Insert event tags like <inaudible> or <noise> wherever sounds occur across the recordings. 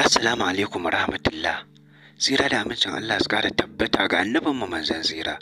Assalamu alaikum rahmatullah. Tsira da amincin Allah su ƙara tabbata ga annabin mu manzon tsira,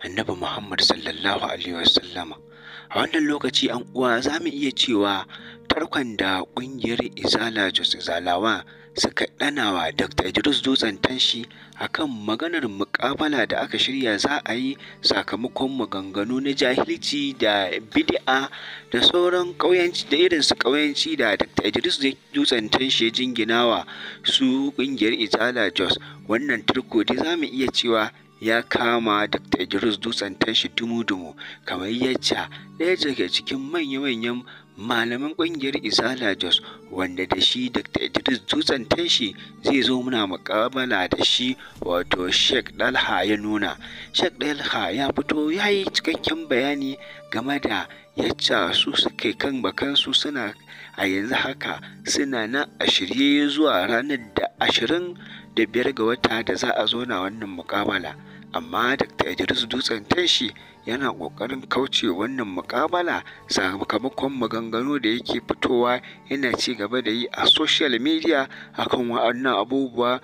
annabi Muhammad sallallahu alaihi wasallama. A wannan lokaci an uwa za mu iya cewa tarkon da ƙungiyar Izala Jos Izalawa suka ɗana wa Dr. Idris Dutsen tanshi a kan maganar muƙabala da aka shirya za a yi sakamakon maganganu na jahilci da bid'a da sauran ƙauyanci da irin su ƙauyanci da Dr. Idris Dutsen tanshi ya wa su ƙungiyar Izala Jos wannan turko dai za mu iya cewa ya kama Dr. Idris Dutsen tanshi dumu-dumu kamar yadda ɗaya daga cikin manya-manyan Malamin ƙungiyar isala Jos wanda da shi Dr. Idris Dutsen tashi zai zo muna muƙabala da shi wato Sheikh Dalha ya nuna. Sheikh Dalha ya fito ya yi cikakken bayani game da yacca su suke kan bakansu suna a yanzu haka suna na ashirye zuwa ranar da ashirin da biyar ga wata da za a zo na wannan muƙabala. Amma Dr. Idris Dutsen tashi. yana ƙoƙarin kauce wannan muƙabala sakamakon maganganu da yake fitowa yana ci gaba da yi a social media akan wa'annan abubuwa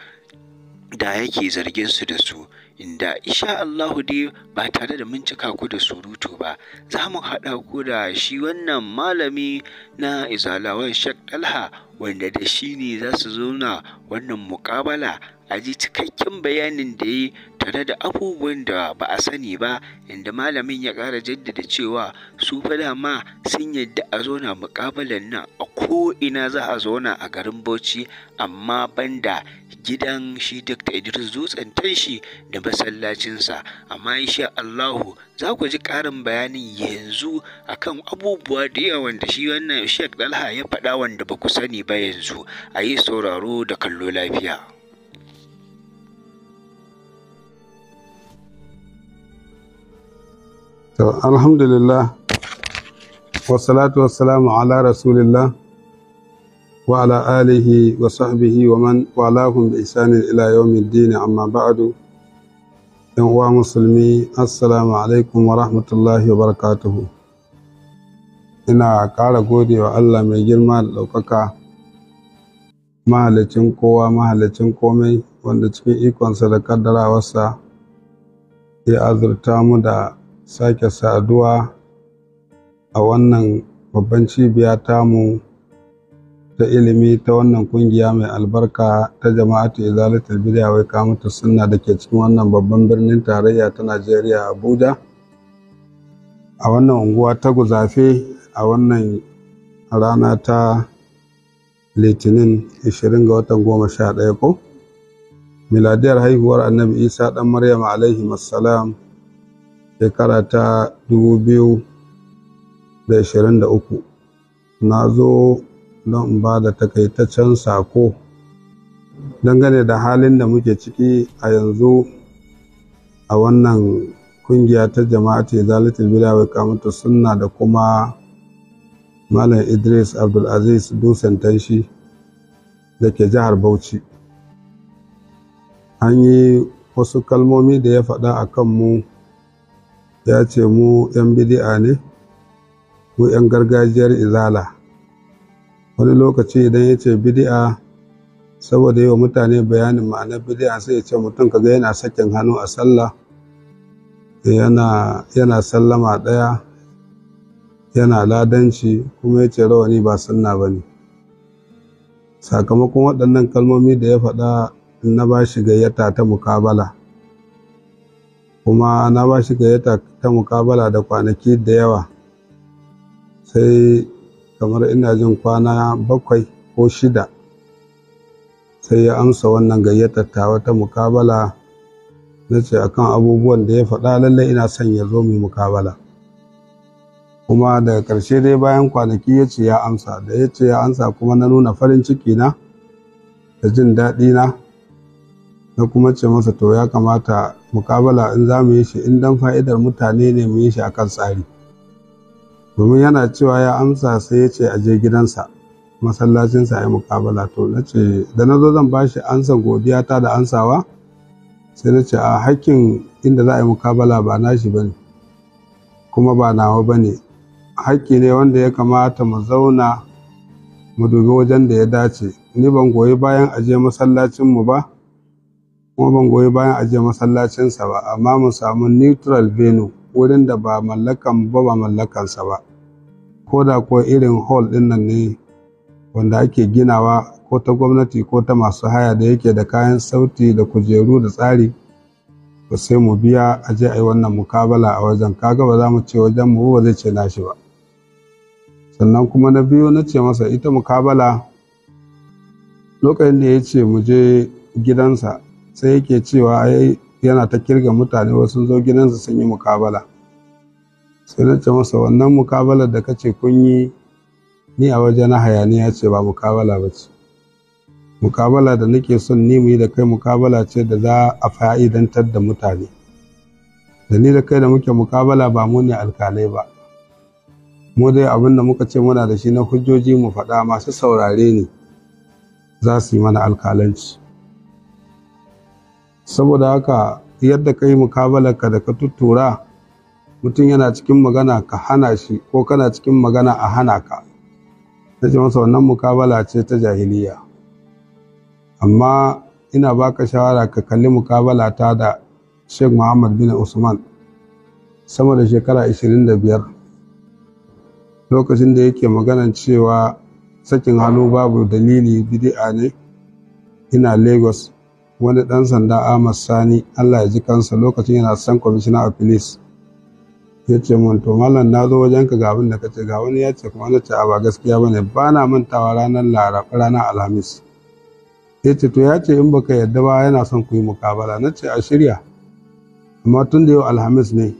da yake zargin su da su inda isha Allahu dai ba tare da mun cika ku da surutu ba za mu haɗa ku da shi wannan malami na izalawan shak-ɗalha wanda da shi ne za su zauna wannan muƙabala a ji cikakken bayanin da yi tare da abubuwan da ba a sani ba inda malamin ya ƙara jaddada cewa su fa dama sun yadda a zauna mukabalan nan a ko'ina za a zauna a garin Bauchi amma banda gidan shi Dr. Idris Dutsen shi da masallacinsa amma insha Allahu za ku ji ƙarin bayanin yanzu akan abubuwa da yawa wanda shi wannan Sheikh Dalha ya faɗa wanda ba ku sani ba yanzu a yi sauraro da kallo lafiya. to alhamdulillah wassalatu wassalamu ala rasulillah wa ala alihi wa sahbihi wa man walahum bi isanin ila amma ba'adu yan uwa musulmi assalamu alaikum wa rahmatullahi wa barakatuhu ina ƙara gode wa Allah mai girma da ɗaukaka mahalicin kowa mahalicin komai wanda cikin ikonsa da kaddarawarsa ya azurta mu da sake saduwa a wannan babban cibiya tamu ta ilimi ta wannan ƙungiya mai albarka ta jama'atu izalatul bid'a wai kamata sunna da ke cikin wannan babban birnin tarayya ta Najeriya Abuja a wannan unguwa ta guzafe a wannan rana ta litinin 20 ga watan goma sha ɗaya ko miladiyar haihuwar annabi isa ɗan maryam alaihi salam. shekara ta dubu biyu da ashirin da uku na zo don in ba da takaitaccen sako dangane da halin da muke ciki a yanzu a wannan kungiya ta jama'ati zalatul bida kamata sunna da kuma malam idris abdulaziz dusan tanshi da ke jihar bauchi an yi wasu kalmomi da ya faɗa a kanmu ya ce mu 'yan bidi'a ne ko 'yan gargajiyar izala wani lokaci idan ya ce bidi'a saboda yi wa mutane bayanin ma'anar bidi'a sai ya ce mutum kaga yana sakin hannu a sallah yana sallama ɗaya yana ladanci kuma ya ce rawani ba sunna ba ne sakamakon waɗannan kalmomi da ya faɗa na ba shi gayyata ta mukabala kuma na ba shi gayyata ta mukabala da kwanaki da yawa sai kamar ina jin kwana bakwai ko shida sai ya amsa wannan gayyatar tawa ta mukabala na ce akan abubuwan da ya faɗa lallai ina son ya zo mai mukabala kuma daga ƙarshe dai bayan kwanaki ya ce ya amsa da ya ce ya amsa kuma na nuna farin ciki na da jin daɗi na na kuma ce masa to ya kamata Mukabala, in za mu yi shi in dan fa'idar mutane ne mu yi shi akan tsari domin yana cewa ya amsa sai ya ce je gidansa masallacinsa ya muƙabala to na ce da na zo zan ba shi ansan godiya ta da ansawa sai na ce a hakkin inda za a yi muƙabala ba nashi ba ne kuma ba nawa ba ne hakki ne wanda ya kamata mu zauna mu dubi wajen da ya dace ni ban goyi bayan aje masallacinmu ba kuma ban goyi bayan ajiye masallacinsa ba amma mu samu neutral venue wurin da ba mallakan ba ba mallakansa ba ko da ko irin hall ɗinnan nan ne wanda ake ginawa ko ta gwamnati ko ta masu haya da yake da kayan sauti da kujeru da tsari to sai mu biya a je a yi wannan mukabala a wajen kaga ba za mu ce wajen mu ba zai ce nashi ba sannan kuma na biyu na ce masa ita mukabala lokacin da ya ce mu je gidansa sai yake cewa ai yana ta kirga mutane wasu zo gidansa sun yi mukabala sai na ce masa wannan mukabalar da kace kun yi ni a waje na hayaniya ce ba mukabala ba ce mukabala da nake son ni mu yi da kai mukabala ce da za a fa'idantar da mutane da ni da kai da muke mukabala ba mu ne alkalai ba mu dai abin da muka ce muna da shi na hujjoji mu faɗa masu saurare ne za su yi mana alkalanci saboda haka yadda ka yi ka da ka tuttura mutum yana cikin magana ka hana shi ko kana cikin magana a hana ka na ce masa wannan mukabala ce ta jahiliya amma ina baka shawara ka kalli mukabala ta da sheikh muhammad bin usman sama da shekara 25 lokacin da yake maganan cewa sakin hannu babu dalili bidi'a ne ina lagos wani ɗan sanda Ahmad Sani Allah ya ji kansa lokacin yana san commissioner a police ya ce mun to mallan na zo wajen ka ga abin da kace ga wani ya ce kuma na ce a ba gaskiya bane ba na mantawa ranar laraba ranar alhamis ya ce to ya ce in baka yadda ba yana son ku yi mukabala na ce a shirya amma tun da yau alhamis ne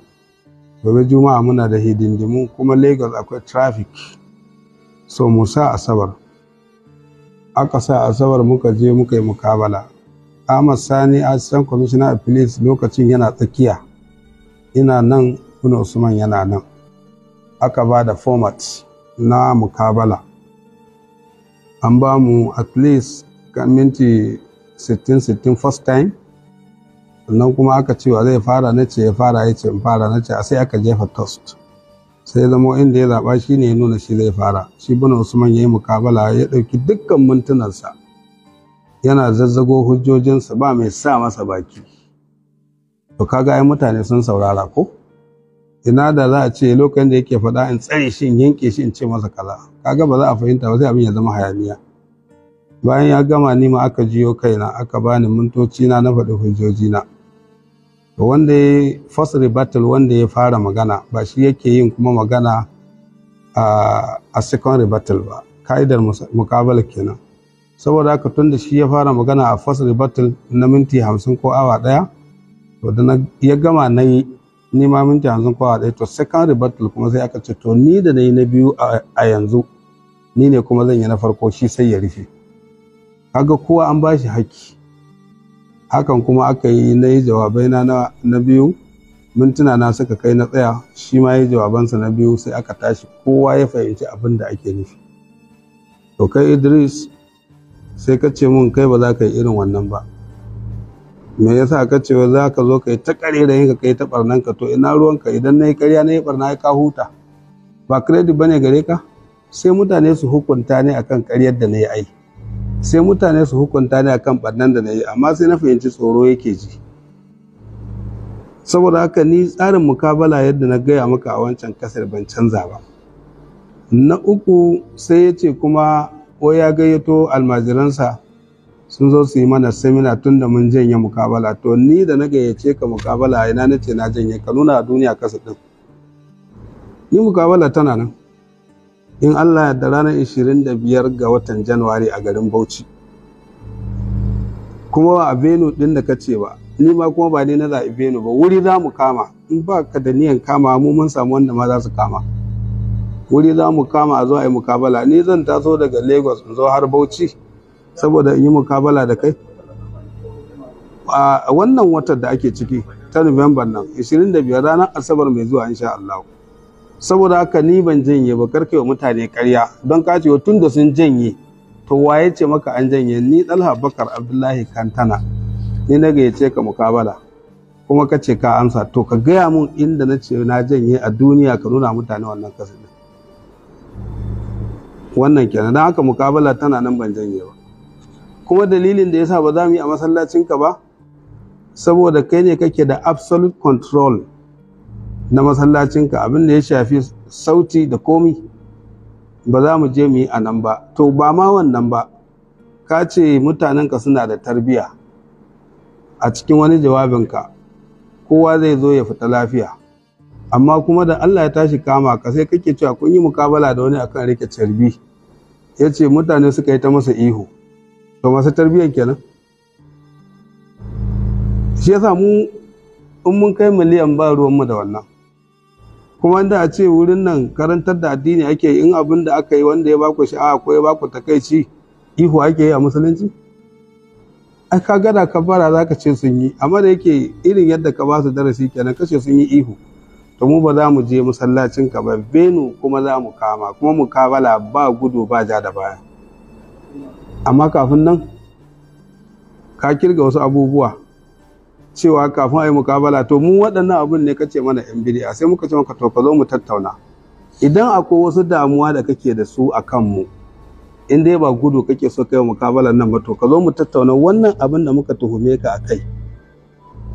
gobe juma'a muna da hidindimu kuma lagos akwai traffic so mu sa asabar aka sa asabar muka je muka yi mukabala Ahmad Sani Assistant Commissioner of Police lokacin yana tsakiya ina nan Kuna Usman yana nan aka ba da format na mukabala an ba mu at least minti 60-60 first time sannan kuma aka ce wa zai fara na ce ya fara ya ce fara na ce a sai aka jefa toast sai zama inda ya zaba shi ne ya nuna shi zai fara shi bana usman ya yi mukabala ya ɗauki dukkan mintunansa yana zazzago hujjojinsa, ba mai sa masa baki to kaga ai mutane sun saurara ko ina da za a ce lokacin da yake faɗa in tsare shi in yanke shi in ce masa kaza kaga ba za a fahimta ba sai abin ya zama hayaniya bayan ya gama ni ma aka jiyo kaina aka bani mintoci na na faɗi hujjoji na to wanda ya first rebuttal wanda ya fara magana ba shi yake yin kuma magana ah, a second rebuttal ba ka'idar mukabala kenan saboda haka tun da shi ya fara magana a first rebuttal na minti hamsin ko awa ɗaya to da ya gama na yi nima minti hamsin ko awa ɗaya to second rebuttal kuma sai aka ce to ni da na yi na biyu a yanzu ni ne kuma zan yi na farko shi sai ya rufe kaga kowa an ba shi haƙƙi hakan kuma aka yi na yi jawabai na na biyu mintuna na suka kai na tsaya shi ma yi jawabansa na biyu sai aka tashi kowa ya fahimci abin da ake nufi to kai idris sai ka ce mun kai ba za ka yi irin wannan ba me yasa ka ce za ka zo ka yi ta kare da yin ka kai ta barnan ka to ina ruwan ka idan na yi karya na yi barna ka huta ba credit bane gare ka sai mutane su hukunta ne akan karyar da na yi ai sai mutane su hukunta ne akan barnan da na yi amma sai na fahimci tsoro yake ji saboda haka ni tsarin mukabala yadda na gaya maka a wancan kasar ban canza ba na uku sai ya ce kuma ko ya gayyato almajiransa sun zo su yi mana semina tun da mun janye mukabala to ni da na gayyace ka mukabala ina na ce na janye ka nuna duniya kasa din ni mukabala tana nan in Allah da ranar 25 ga watan Januwari a garin Bauchi kuma ba a Beno din da kace ba ni ma kuma ba ni na zaɓi Beno ba wuri za mu kama in ba ka da niyan kama mu mun samu wanda ma za su kama wuri za mu kama a zo a yi mukabala ni zan taso daga lagos in zo har bauchi saboda in yi mukabala da kai a wannan watan da ake ciki ta november nan 25 ranar asabar mai zuwa insha Allah saboda haka ni ban janye ba karkai wa mutane karya don kacewa tun da sun janye to waye ce maka an janye ni dalha bakar abdullahi kantana ni na gayyace ka mukabala kuma ka ce ka amsa to ka gaya mun inda na ce na janye a duniya ka nuna mutane wannan kasa wannan kenan don haka mukabala tana nan ban janye ba kuma dalilin da yasa ba za mu yi a masallacinka ba saboda kai ne kake da absolute control na masallacinka abin da ya shafi sauti da komi ba za mu je mu yi a nan ba to ba ma wannan ba ka ce ka suna da tarbiya a cikin wani jawabinka kowa zai zo ya fita lafiya amma kuma da Allah ya tashi kama ka sai kake cewa kun yi mukabala da wani akan rike carbi ya ce mutane suka yi ta masa ihu to masu tarbiyyar kenan shi ya mu in mun kai miliyan ba ruwan mu da wannan kuma inda a ce wurin nan karantar da addini ake in abin da aka yi wanda ya baku sha'awa ko ya baku takaici ihu ake yi a musulunci ai ka gada ka bara za ka ce sun yi amma da yake irin yadda ka ba su darasi kenan kashe sun yi ihu to mu ba za mu je masallacin ka ba benu kuma za mu kama kuma kabala ba gudu ba ja da baya amma kafin nan ka kirga wasu abubuwa cewa kafin a yi mukabala to mu waɗannan abun ne kace mana yan bidiya sai muka ce maka to ka zo mu tattauna idan akwai wasu damuwa da kake da su a mu in dai ba gudu kake so kai mukabalan nan ba to ka zo mu tattauna wannan abin da muka tuhume ka a kai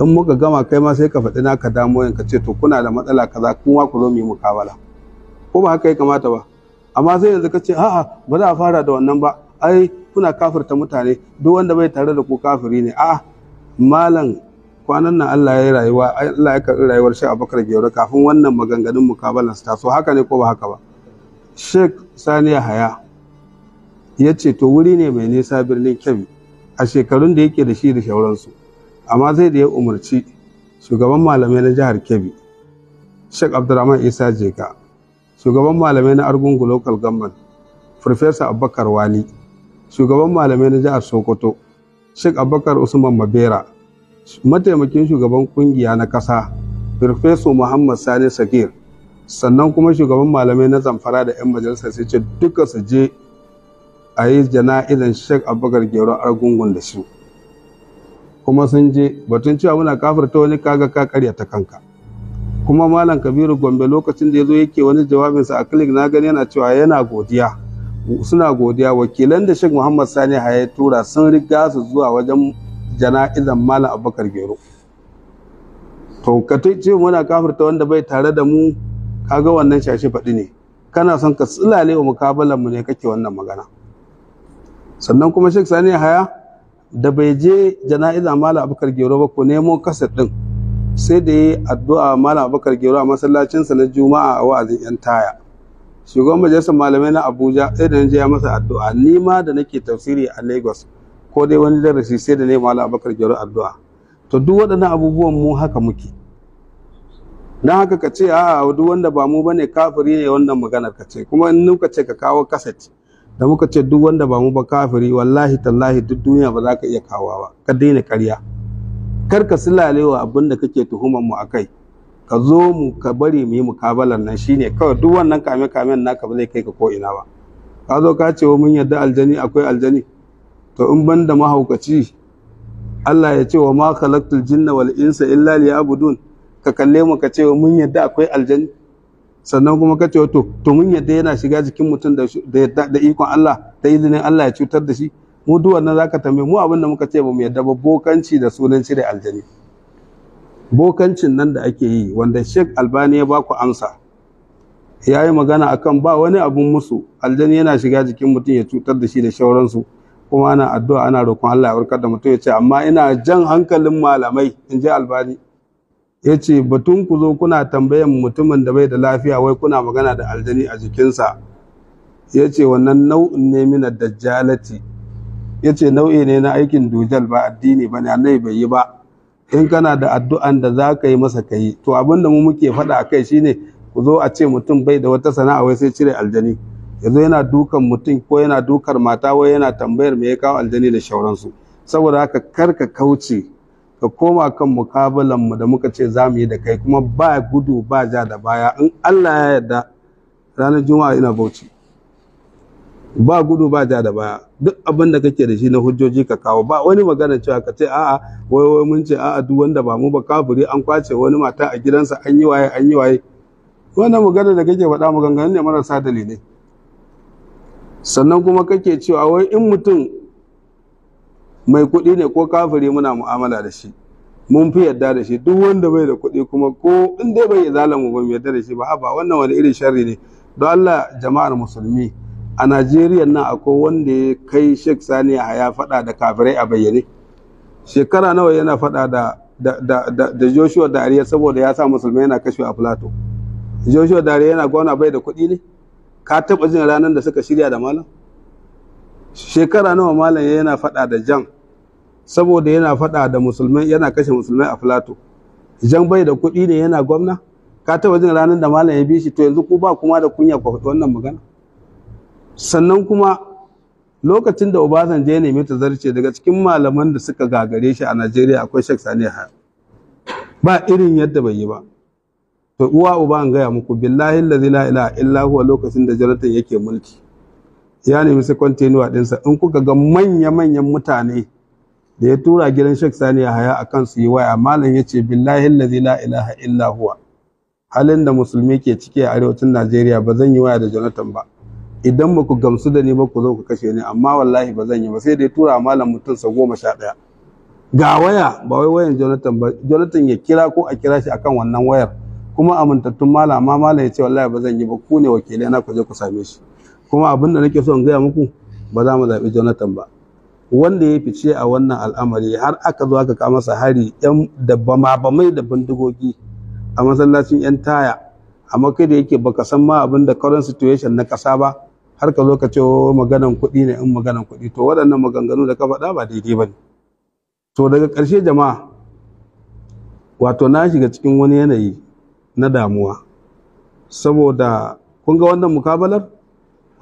in muka gama kai ma sai ka faɗi naka damo ka ce to kuna da matsala kaza kuma ku zo mu yi mukabala ko ba haka ya kamata ba amma sai yanzu ka ce a'a ba za a fara da wannan ba ai kuna kafirta mutane duk wanda bai tare da ku kafiri ne a'a malam kwanan nan Allah ya yi rayuwa Allah ya karɓi rayuwar Sheikh Abubakar Gero kafin wannan maganganun mukabalan su taso haka ne ko ba haka ba Sheikh Sani haya ya ce to wuri ne mai nisa birnin Kebbi a shekarun da yake da shi da shauransu amma zai da ya umarci shugaban malamai na jihar kebbi sheikh abdulrahman isa jeka shugaban malamai na argungu local government farfesa abubakar wali shugaban malamai na jihar sokoto sheikh abubakar usman mabera mataimakin shugaban kungiya na kasa farfesa muhammad sani sakir sannan kuma shugaban malamai na zamfara da 'yan majalisar sai ce duka su je a yi jana'izan sheikh abubakar gero argungun da su kuma sun je batun cewa muna kafarta wani kaga ka karya ta kanka kuma malam kabiru gombe lokacin da ya zo yake wani jawabinsa a clinic na gani yana cewa yana godiya suna godiya wakilan da Sheikh Muhammad Sani Haye tura sun riga su zuwa wajen jana'izan Malam Abubakar Gero. To ka ce muna kafirta wanda bai tare da mu kaga wannan shashe faɗi ne. Kana son ka tsilale wa mukabalan mu ne kake wannan magana. Sannan kuma shek Sani Haya da bai je jana'iza malam abubakar gero ba ko nemo kaset din sai da yi addu'a malam abubakar gero a masallacinsa na juma'a a wa'azin yan taya shugaban majalisar malamai na abuja sai da je ya masa addu'a ni ma da nake tafsiri a lagos ko dai wani darasi sai da ne malam abubakar gero addu'a to duk waɗannan abubuwan mu haka muke na haka ka ce a duk wanda ba mu bane kafiri ne wannan maganar ka ce kuma in nuka ce ka kawo kaset da muka ce duk wanda ba mu ba kafiri wallahi tallahi duk duniya ba za ka iya kawo ba ka daina karya kar ka silalewa abin da kake tuhumar mu akai ka zo mu ka bari mu yi mukabalar nan shine kawai duk wannan kame kamen naka ba zai kai ka ko ina ba ka zo ka ce mun yadda aljani akwai aljani to in ban mahaukaci Allah ya ce wa ma khalaqtul jinna wal insa illa liya'budun ka kalle mu ka ce mun yadda akwai aljani sannan kuma ka ce wato, to mun yadda yana shiga jikin mutum da ikon Allah da izinin Allah ya cutar da shi mu duk wannan zaka tambaye mu abin da muka ce ba mu yadda ba bokanci da sunan cire aljani bokancin nan da ake yi wanda Sheikh Albani ya baku amsa ya yi magana akan ba wani abun musu aljani yana shiga jikin mutum ya cutar da shi da shauransu kuma ana addu'a ana roƙon Allah ya warkar da mutum ya ce amma ina jan hankalin malamai in ji Albani ya ce batun ku zo kuna tambayan mutumin da bai da lafiya wai kuna magana da aljani a jikinsa ya ce wannan nau'in ne mina dajjalati ya ce nau'i ne na aikin dujal ba addini ba ne annai bai yi ba in kana da addu'an da za ka yi masa ka yi to abin da mu muke faɗa a kai shine ku zo a ce mutum bai da wata sana'a wai sai cire aljani yanzu yana dukan mutum ko yana dukar mata wai yana tambayar me ya kawo aljani da shauransu saboda haka kar ka kauce ka koma kan mukabalan mu da muka ce za mu yi da kai kuma ba gudu ba ja da baya in Allah ya yarda ranar juma'a ina bauchi ba gudu ba ja da baya duk abin da kake da shi na hujjoji ka kawo ba wani magana cewa ka ce a'a wai wai mun ce a'a duk wanda ba mu ba kafiri an kwace wani mata a gidansa an yi waye an yi waye wannan magana da kake faɗa maganganun ne marasa dalilai sannan kuma kake cewa wai in mutum mai kuɗi ne ko kafiri muna mu'amala da shi mun fi yadda da shi duk wanda bai da kuɗi kuma ko in dai bai zala mu ba mu yadda da shi ba haba wannan wani irin shari ne don Allah jama'ar musulmi a Najeriya nan akwai wanda ya kai Sheikh Sani ya faɗa da kafirai a bayyane shekara nawa yana faɗa da da Joshua Dariya saboda ya sa musulmai yana kashe a Plato Joshua Dariya yana gwamna bai da kuɗi ne ka taɓa jin ranar da suka shirya da malam shekara nawa malam yana faɗa da jan saboda yana faɗa da musulmai yana kashe musulmai a filato jan bai da kuɗi ne yana gwamna ka taɓa jin ranar da malam ya bi shi to yanzu ku ba kuma da kunya ku faɗi wannan magana sannan kuma lokacin da uba Obasanjo ya nemi tazarce daga cikin malaman da suka gagare shi a Najeriya akwai Sheikh Sani ba irin yadda bai yi ba to uwa uba an gaya muku billahi la ilaha illa lokacin da jaratan yake mulki ya nemi sai kontinuwa ɗinsa in kuka ga manya-manyan mutane da ya tura gidan Sheikh Sani Yahaya akan su yi waya malam yace billahi la ilaha illa halin da musulmi ke ciki a arewacin Najeriya ba zan yi waya da Jonathan ba idan ba ku gamsu da ni ba ku zo ku kashe ni amma wallahi ba zan yi ba sai da ya tura malam mutum sa goma sha ɗaya ga waya ba wai wayan Jonathan ba Jonathan ya kira ko a kira shi akan wannan wayar kuma amintattun malam amma malam ya ce wallahi ba zan yi ba ku ne wakilai na ku je ku same shi kuma abin da nake so in gaya muku ba za mu zaɓi Jonathan ba wanda ya fice a wannan al'amari har aka zo aka kama masa hari yan ma ba mai da bindigogi a masallacin yan taya amma kai da yake baka san ma abin da current situation na kasa ba har ka zo ka ce oh, maganan kuɗi ne in maganan kuɗi to waɗannan maganganu da ka faɗa ba daidai ba ne to daga ƙarshe jama'a wato na shiga cikin wani yanayi na damuwa saboda kun ga wannan mukabalar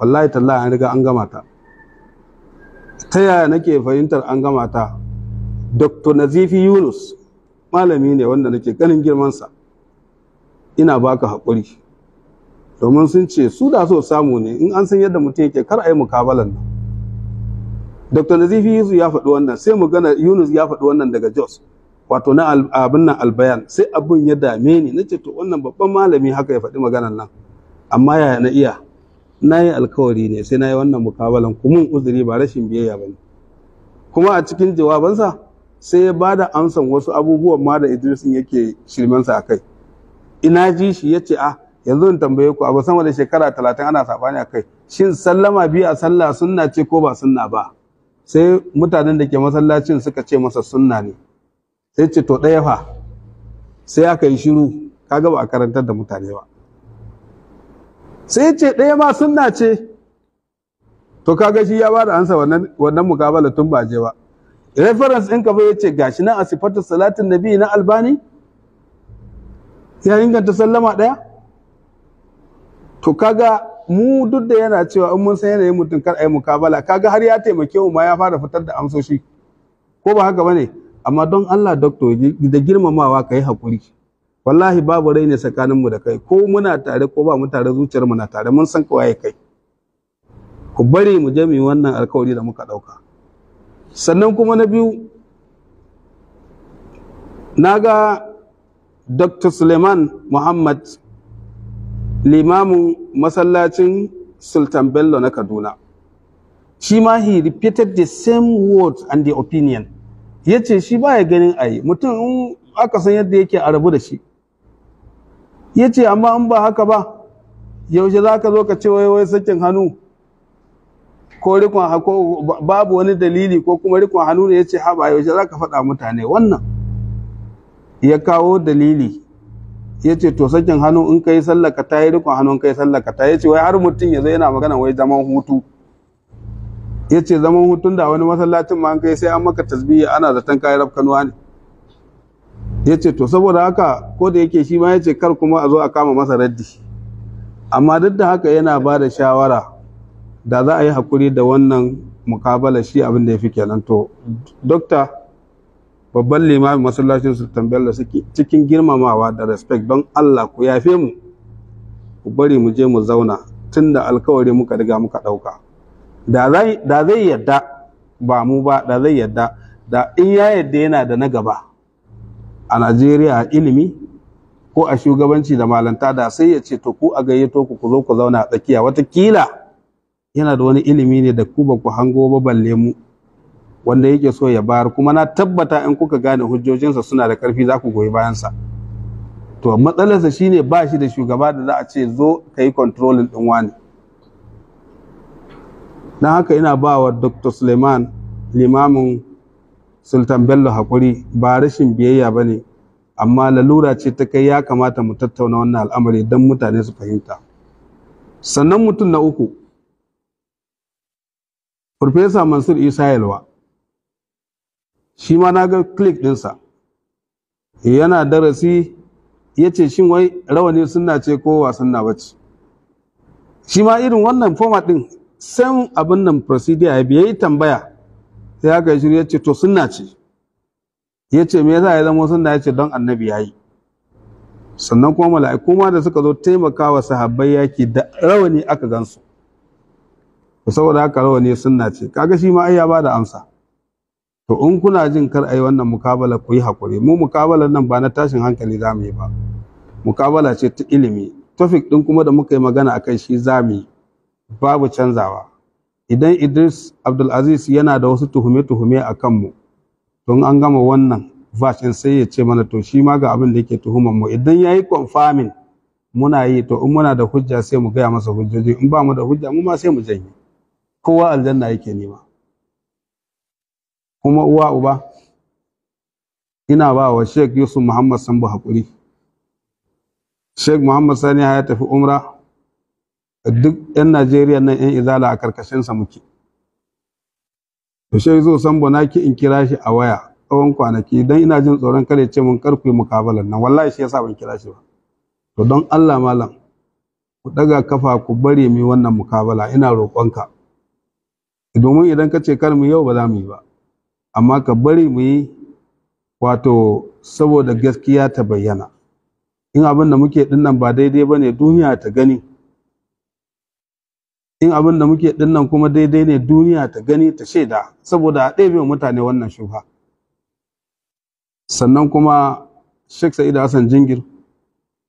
wallahi tallahi an riga an gama ta ta yaya nake fahimtar an gama ta dr nazifi yunus malami ne wanda nake ganin girmansa ina baka hakuri domin sun ce su da so samu ne in an san yadda mutum yake kar a yi mukabalan nan dr nazifi yunus ya faɗi wannan sai mu gana yunus ya faɗi wannan daga jos wato na abin nan albayan sai abin ya dame ni nace to wannan babban malami haka ya faɗi maganan nan amma yaya na iya na yi alkawari ne sai na yi wannan mukabalan kuma uzuri ba rashin biyayya ba ne kuma a cikin jawabansa sai ya ba da amsan wasu abubuwan ma da idris yake shirmansa a kai ina ji shi ya ce a. Ah, yanzu in tambaye ku abu sama da shekara talatin ana saɓani a kai shin sallama biyu a sallah sunna ce ko ba sunna ba sai mutanen da ke masallacin suka ce masa sunna ne sai ce to ɗaya fa sai aka yi shiru kaga ba a karantar da mutane ba sai ce ɗaya ma sunna ce to kaga shi ya ba da ansa wannan wannan mukabala tun ba je ba reference ɗin ka bai yace gashi na a sifatu salatin nabi na albani ya inganta sallama ɗaya to kaga mu duk da yana cewa in mun san yanayin mutum kar ayi mukabala kaga har ya taimake mu ma ya fara fitar da amsoshi ko ba haka ba ne? amma don Allah doctor da girmamawa ka yi hakuri wallahi babu rai ne mu da kai ko muna tare ko ba mu tare zuciyar mu na tare mun san kawai kai ku bari mu je mu wannan alkawari da muka ɗauka sannan kuma na biyu naga ga dr suleiman muhammad limamin masallacin sultan bello na kaduna shi ma he repeated the same word and the opinion ya ce shi ba ya ganin ayi mutum in aka san yadda yake arabu da shi ya ce amma in ba haka ba yaushe za ka zo ka ce wai sakin hannu ko rikon hako babu wani dalili ko kuma rikon hannu ne ya ce haba yaushe za ka faɗa mutane wannan ya kawo dalili ya ce to sakin hannu in ka yi sallaka ta yi rikon hannu in ka yi sallaka ta ya ce wai har mutum ya zai yana magana wai zaman hutu ya ce zaman hutun da wani masallacin ma an kai sai an maka tasbiya ana zaton kayan rafkanuwa ne ya ce to saboda haka ko da yake shi ma ya ce kar kuma a zo a kama masa raddi amma duk da haka yana ba da shawara da za a yi hakuri da wannan mukabala shi abin da ya fi kenan to dokta babban limamin masallacin sultan bello cikin girmamawa da respect don allah ku yafe mu ku bari mu je mu zauna tunda alkawari muka riga muka ɗauka da zai yadda ba mu ba da zai yadda da in ya yadda yana da na gaba a Najeriya a ilimi ko a shugabanci da malanta da sai ya ce to ku a gayyato ku ku zo ku zauna a tsakiya watakila yana da wani ilimi ne da ku ba ku hango ba balle mu wanda yake so ya bayar kuma na tabbata in kuka gane hujjojinsa suna da karfi za ku goyi bayansa to matsalarsa shine ba shi da shugaba da za a ce zo ka yi controlling ɗin wani don haka ina ba wa dr suleiman limamin sultan bello hakuri ba rashin biyayya ba ne amma lalura ce ta kai ya kamata mu tattauna wannan al'amari don mutane su fahimta sannan mutum na uku Farfesa Mansur Isa Yalwa shi ma na ga click ɗinsa yana darasi ya ce shin wai rawani suna ce ko wasan na bace shi ma irin wannan format ɗin sam abin nan procedure ya biya tambaya sai aka shiru ya ce to sunna ce ya ce me yasa ya zama sunna ya ce don annabi ya yi sannan kuma mala'iku ma da suka zo taimakawa sahabbai yaki da rawani aka gansu saboda haka rawani sunna ce kaga shi ma ai ba da amsa to in kuna jin kar a yi wannan mukabala ku yi hakuri mu mukabalar nan ba na tashin hankali za mu yi ba mukabala ce ta ilimi tofik din kuma da muka yi magana akan shi za mu yi babu canzawa idan Idris Abdulaziz yana da wasu tuhume-tuhume a kanmu don an gama wannan vashin sai ya ce mana to shi ma ga abin da yake tuhuman mu idan ya yi confirming muna yi to in muna da hujja sai mu gaya masa hujjoji in ba mu da hujja mu ma sai mu janye kowa aljanna yake nema kuma uwa uba ina ba wa Sheikh Yusuf Muhammad Sambu hakuri Sheikh Muhammad Sani ya tafi umra duk 'yan Najeriya nan 'yan izala a karkashinsa muke. To sai zo san bana ki in kira shi a waya tsawon kwanaki don ina jin tsoron kare ce mun karku yi mukabalan nan wallahi shi yasa ban kira shi ba. To don Allah malam ku daga kafa ku bari mu wannan mukabala ina roƙonka. Domin idan ka ce kar mu yau ba za mu yi ba. Amma ka bari mu yi wato saboda gaskiya ta bayyana. In abin da muke dinnan ba daidai ba ne duniya ta gani. in abin da muke nan kuma daidai ne duniya ta gani ta shaida saboda a ɗebe mutane wannan shuka. sannan kuma Sheikh Sa'id Hassan Jingir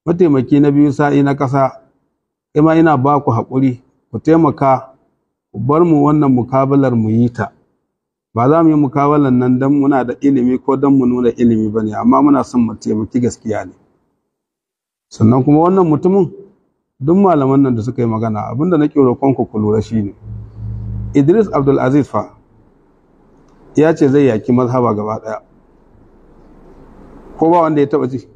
mataimaki na biyu sa'i na ƙasa ima ina ba ku haƙuri ku taimaka ku bar mu wannan mukabalar mu yi ta ba za mu yi mukabalar nan don muna da ilimi ko don mu nuna ilimi ba ne amma muna son mu taimaki gaskiya ne sannan kuma wannan mutumin duk malaman nan da suka yi magana abinda na ke roƙon ku lura shine Idris Abdul Aziz fa ya ce zai yaki mazhaba gaba daya ko ba wanda ya taba ji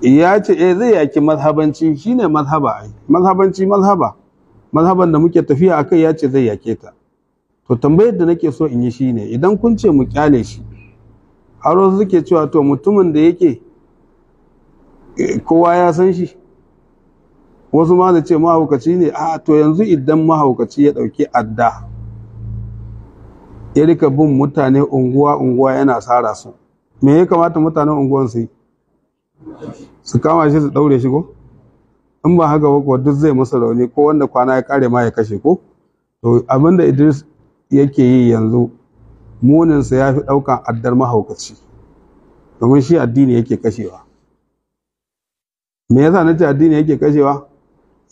ya ce eh zai yaki mazhabanci shine mazhaba ai mazhabanci mazhaba mazhaban da muke tafiya akai ya ce zai yake ta to tambayar da nake so in yi shi ne, idan kun ce mu kyale shi har wasu suke cewa to mutumin da yake eh, kowa ya san shi wasu ma da ce mahaukaci ne a to yanzu idan mahaukaci ya ɗauki adda ya rika bin mutane unguwa unguwa yana sara su me ya kamata mutanen unguwan su yi su kama shi su ɗaure shi ko in ba haka ba duk zai masa rauni ko wanda kwana ya kare ma ya kashe ko to abinda Idris yake yi yanzu muninsa ya fi ɗaukan addar mahaukaci domin shi addini yake kashewa me yasa na ce addini yake kashewa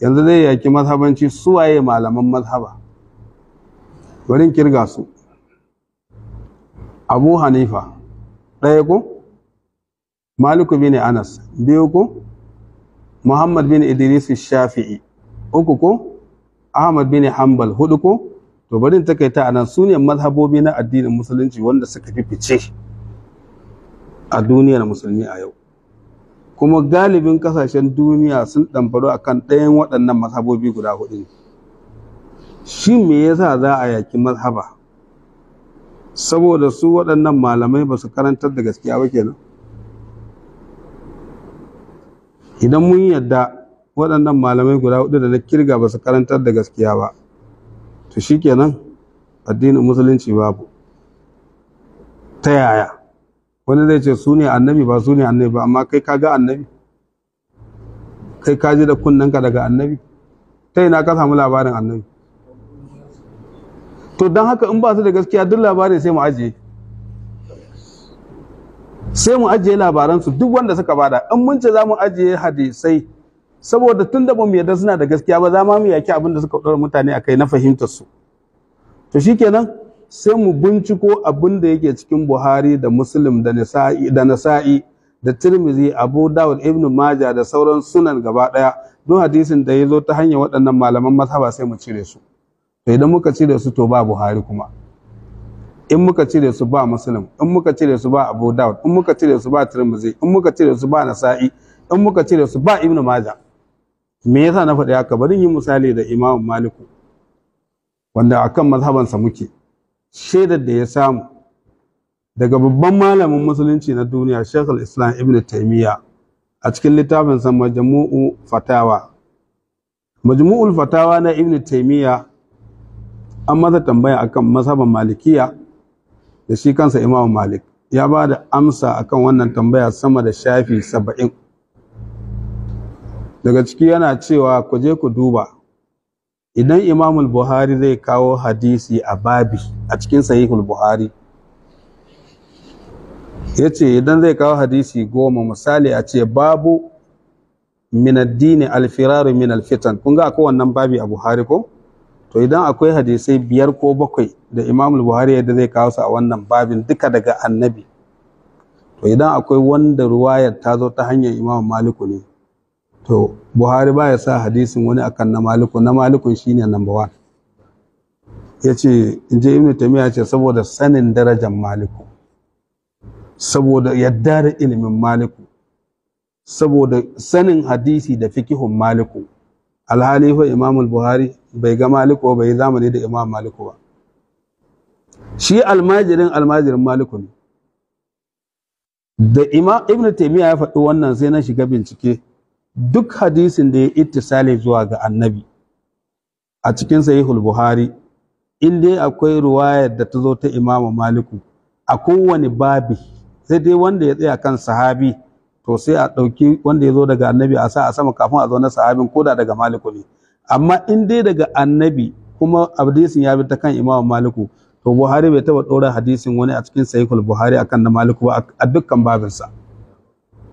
yanzu zai yaki mazhabanci suwaye malaman mazhaba barin kirga su abu hanifa ɗaya ko maliku bin anas biyu ko muhammad bin idris shafi'i uku ko ahmad bin hanbal hudu ko to barin takaita a nan su ne mazhabobi na addinin musulunci wanda suka fi fice a duniyar musulmi a yau kuma galibin kasashen duniya sun ɗamfaru a kan ɗayan waɗannan mazhabobi guda hudu shi me yasa za a yaki mazhaba saboda su waɗannan malamai ba su karantar da gaskiya ba kenan idan mun yadda waɗannan malamai guda hudu da na kirga ba su karantar da gaskiya ba to shi nan addinin musulunci babu ta yaya wani zai ce su ne annabi ba su ne annabi ba amma kai ka ga annabi kai ka ji da kunnanka daga annabi ta ina ka samu labarin annabi to don haka in ba su da gaskiya duk labarin sai mu ajiye sai mu ajiye labaransu duk wanda suka bada in mun ce za mu ajiye hadisai saboda tun da bamu yarda suna da gaskiya ba za mu yaki abin da suka ɗora mutane a kai na fahimtar su to shikenan sai mu binciko abin da yake cikin Buhari da Muslim da Nisa'i da Nasa'i da Tirmidhi Abu Dawud Ibn Majah da sauran sunan gaba daya don hadisin da ya zo ta hanyar waɗannan malaman mazhaba sai mu cire su to idan muka cire su to ba Buhari kuma in muka cire su ba Muslim in muka cire su ba Abu Dawud in muka cire su ba Tirmidhi in muka cire su ba Nasa'i in muka cire su ba Ibn Majah me yasa na faɗi haka bari yi misali da Imam Malik wanda akan mazhabansa muke shaidar da ya samu daga babban malamin musulunci na duniya Sheikh islam Ibn taimiyya a cikin littafin sa Majmu'u Fatawa Majmu'ul Fatawa na Ibn taimiyya an masa tambaya akan mazhaban Malikiya da shi kansa Imam Malik ya ba da amsa akan wannan tambaya sama da shafi saba'in daga ciki yana cewa ku je ku duba idan imamul buhari zai kawo hadisi a babi a cikin sahihul buhari ya ce idan zai kawo hadisi goma misali a ce babu minaddini alfirari min alfitan kun ga akwai babi a buhari ko to idan akwai hadisai biyar ko bakwai da imamul buhari yadda zai kawo su a wannan babin duka daga annabi to idan akwai wanda ruwayar ta zo ta hanyar imamu maliku ne to buhari ba ya sa hadisin wani akan na malikun na malikun shine number one ya ce je ibn tamiya ce saboda sanin darajar maliku saboda yadda da ilimin maliku saboda sanin hadisi da fikihun maliku alhali fa imam buhari bai ga maliku bai zamani da imam maliku ba shi almajirin almajirin maliku ne da imam ibn taymiya ya faɗi wannan sai na shiga bincike duk hadisin da ya ittisali zuwa ga annabi a cikin sahihul buhari in dai akwai ruwayar da ta zo ta imamu maliku a kowane babi sai dai wanda ya tsaya kan sahabi to sai a ɗauki wanda ya zo daga annabi a sa a sama kafin a zo na sahabin koda daga maliku ne amma in dai daga annabi kuma hadisin ya bi ta kan imamu maliku to buhari bai taɓa ɗora hadisin wani a cikin sahihul buhari akan na maliku ba a dukkan babinsa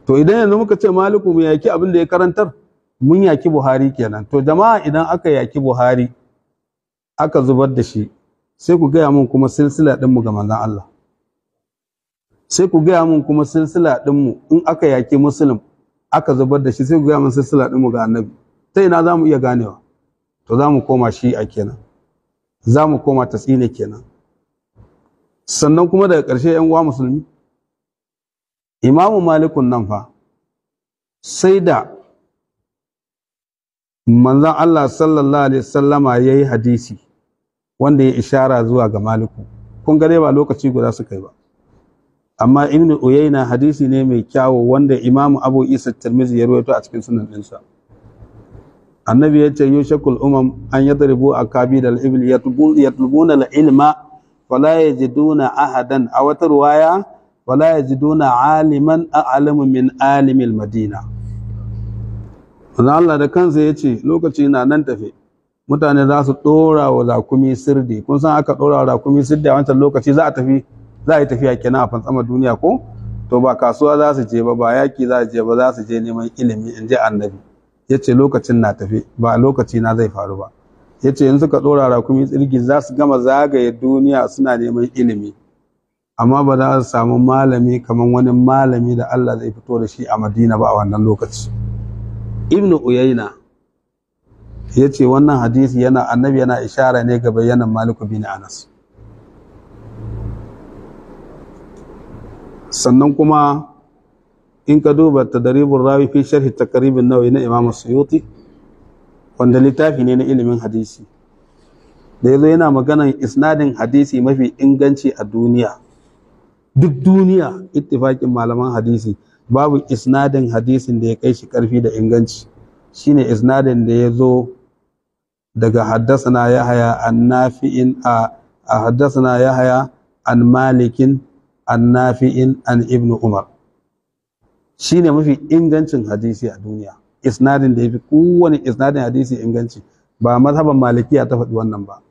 to idan yanzu muka ce maliku mu yaki abin da ya karantar mun yaki buhari kenan to jama'a idan aka yaki buhari aka zubar da shi sai ku gaya mun kuma silsila ɗinmu ga manzon Allah sai ku gaya mun kuma silsila ɗinmu in aka yaki musulun aka zubar da shi sai ku gaya mun silsila ɗinmu ga annabi ta ina za mu iya ganewa to za mu koma shi a kenan za mu koma tasine kenan sannan kuma daga ƙarshe 'yan uwa musulmi imamu malikun nan fa sai da manzan Allah sallallahu alaihi sallama ya yi hadisi wanda ya ishara zuwa ga maliku kun gare ba lokaci guda su kai ba amma ibn uyayna hadisi ne mai kyawo wanda imamu abu isa tirmidhi ya rawaito a cikin sunan ɗinsa annabi ya ce yushakul umam an yadribu akabid al-ibil yatlubuna al-ilma fala yajiduna ahadan a wata ruwaya wala يجدون aliman a'lamu min alimil madina wannan Allah da kansa ya ce lokaci na nan tafe mutane za su ɗora wa zakumi sirdi kun san aka ɗora wa zakumi sirdi a wancan lokaci za a tafi za a yi tafiya kenan a fantsama duniya ko to ba kasuwa za su je ba ba yaki za su je ba za su je neman ilimi in je annabi ya ce lokacin na tafi ba lokaci na zai faru ba ya ce in suka ɗora rakumi tsirgi za su gama zagaye duniya suna neman ilimi amma ba za su samu malami kamar wani malami da Allah zai fito da shi a Madina ba a wannan lokaci Ibnu Uyayna ya ce wannan hadisi yana annabi yana ishara ne ga bayanan Maliku bin Anas sannan kuma in ka duba tadaribun rawi fi sharhi takaribin nawawi na Imam Suyuti wanda littafi ne na ilimin hadisi da yazo yana maganan isnadin hadisi mafi inganci a duniya duk duniya ittifaƙin malaman hadisi babu isnadin hadisin da ya kai shi karfi da inganci shine isnadin da ya zo daga haddasana yahaya an nafi'in a haddasana yahaya an malikin an nafi'in an ibnu umar shine mafi ingancin hadisi a duniya isnadin da ya fi kowane isnadin hadisi inganci ba mazhaban malikiya ta faɗi wannan ba